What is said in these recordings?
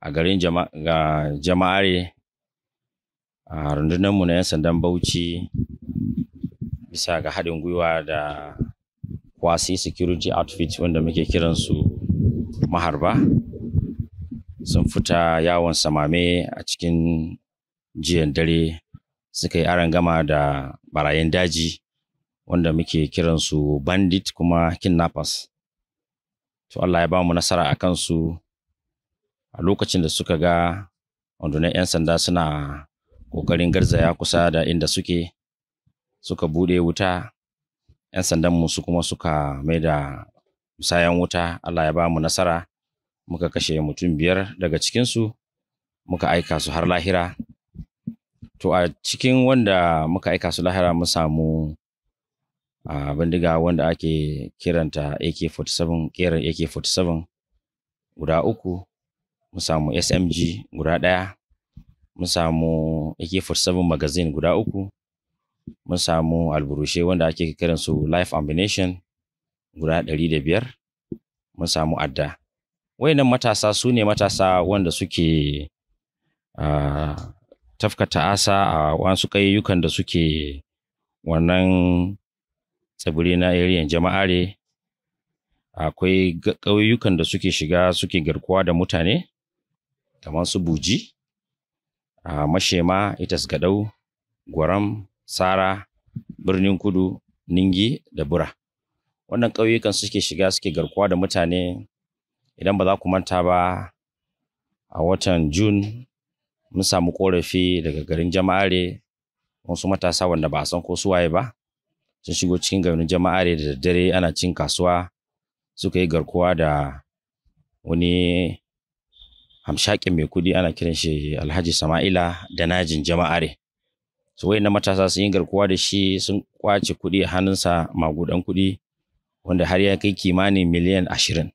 a garin jama'are a rundunarmu na 'yan sandan bauchi bisa ga haɗin gwiwa da kwasi security outfit wanda muke kiransu maharba sun fita yawon samame a cikin jiyan dare suka yi gama da barayin daji wanda muke kiransu bandit kuma kidnappers to allah ya ba mu nasara a kansu a lokacin da suka ga rundunar 'yan sanda suna ƙoƙarin garzaya kusa da inda suke suka buɗe wuta 'yan sandan musu kuma suka mai da musayan wuta Allah ya ba mu nasara muka kashe mutum biyar daga cikinsu muka aika su har lahira to a cikin wanda muka aika su lahira mun samu a bindiga wanda ake kiranta ak-47 kerar ak-47 guda uku mun samu smg guda ɗaya mun samu ak-47 magazine guda uku mun samu alburushe wanda ake kiran su life ambination guda ɗari da biyar mun samu adda wayannan matasa su ne matasa wanda suke uh, tafka ta'asa a uh, wasu ƙayyukan da suke wannan tsibiri na area jama'are akwai ƙauyukan da suke shiga suke garkuwa da mutane kamar su buji a mashema itas gadau gwaram sara birnin kudu ningi da bura wannan ƙauyukan suke shiga suke garkuwa da mutane idan ba za ku manta ba a watan jun mun samu ƙorafi daga garin jama'are wasu matasa wanda ba a san ko suwaye ba sun shigo cikin garin jama'are da daddare ana cin kasuwa suka yi garkuwa da wani hamshakin mai kudi ana kiran shi alhaji sama'ila da najin jama'are su na matasa sun yi garkuwa da shi sun kwace kudi a hannunsa magudan kudi wanda har ya kai kimanin miliyan ashirin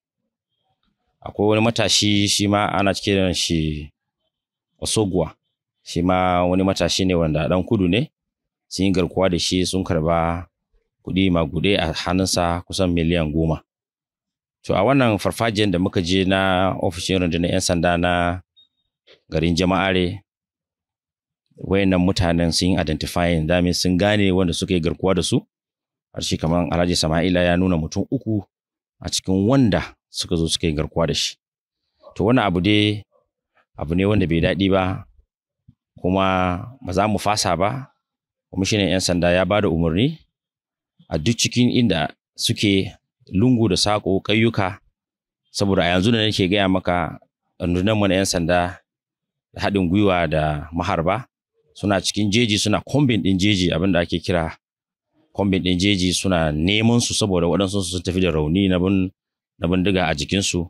akwai wani matashi shi ma ana kiran shi osoguwa shi ma wani matashi ne wanda dan kudu ne sun yi garkuwa da shi sun karba kudi magude a hannunsa kusan miliyan goma To a wannan farfajiyar da muka je na ofishin rundunar 'yan sanda na garin jama'are wayannan mutanen sun yi identifying dami sun gane wanda suka yi garkuwa da su har shi kamar alhaji sama'ila ya nuna mutum uku a cikin wanda suka zo suka yi garkuwa da shi to wani abu dai abu ne wanda bai daɗi ba kuma ba za mu fasa ba kwamishinan 'yan sanda ya ba da umarni a duk cikin inda suke lungu da sako, ƙayyuka saboda a yanzu da nake gaya maka rundunar mu na 'yan sanda da haɗin gwiwa da maharba suna cikin jeji suna kombin ɗin jeji abin da ake kira kombin ɗin jeji suna neman su saboda waɗansu sun tafi da rauni na bindiga a jikinsu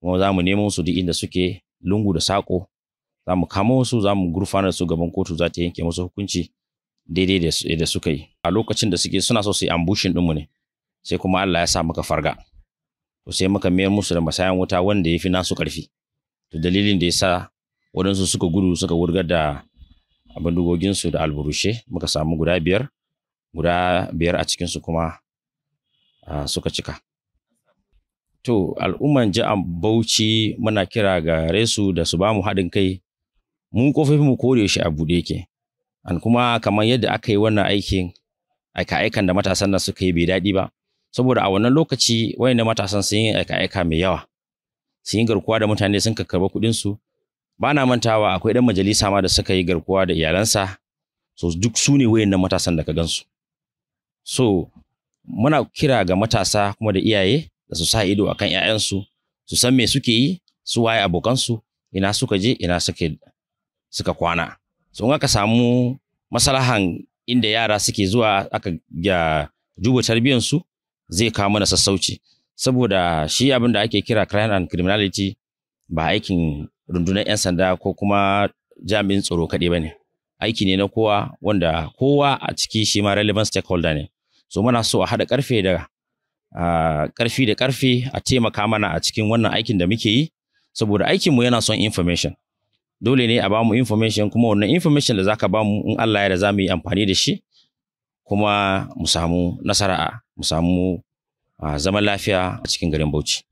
kuma za mu neman su duk inda suke lungu da saƙo za mu kama su za mu gurfanar su gaban kotu za ta yanke musu hukunci daidai da suka yi a lokacin da suke suna so su yi ambushin ɗinmu ne sai kuma Allah ya sa muka farga to sai muka mayar musu da masayan wuta wanda ya fi nasu ƙarfi to dalilin da ya sa waɗansu suka gudu suka wurgar da abin dugoginsu da alburushe muka samu guda biyar guda biyar a cikinsu kuma suka cika to al'umman ja'an bauchi muna kira ga resu da su bamu haɗin kai mun kofofin mu kore shi a buɗe yake an kuma kamar yadda aka yi wannan aikin aika-aikan da matasan nan suka yi bai daɗi ba saboda a wannan lokaci wayannan matasan sun yi aika-aika mai yawa sun yi garkuwa da mutane sun karɓi kuɗinsu. Bana ba na mantawa akwai ɗan majalisa ma da suka yi garkuwa da iyalansa so duk su ne wayannan matasan da ka gansu so muna kira ga matasa kuma da iyaye da su sa ido akan 'ya'yansu su san me suke yi su waye abokansu ina suka je ina suke suka kwana so aka samu masalahan inda yara suke zuwa aka ya juba tarbiyyarsu? zai kawo mana sassauci saboda shi abin da ake kira crime and criminality ba aikin rundunar 'yan sanda ko kuma jami'in tsaro kaɗai ba ne aiki ne na kowa wanda kowa a ciki shi ma relevant stakeholder ne so muna so a haɗa ƙarfe da ƙarfi da ƙarfe a taimaka mana a cikin wannan aikin da muke yi saboda aikinmu yana son information dole ne a ba mu information kuma wannan information da zaka ba mu in Allah ya da za mu yi amfani da shi kuma mu samu nasara mu samu ah, zaman lafiya a cikin garin Bauchi.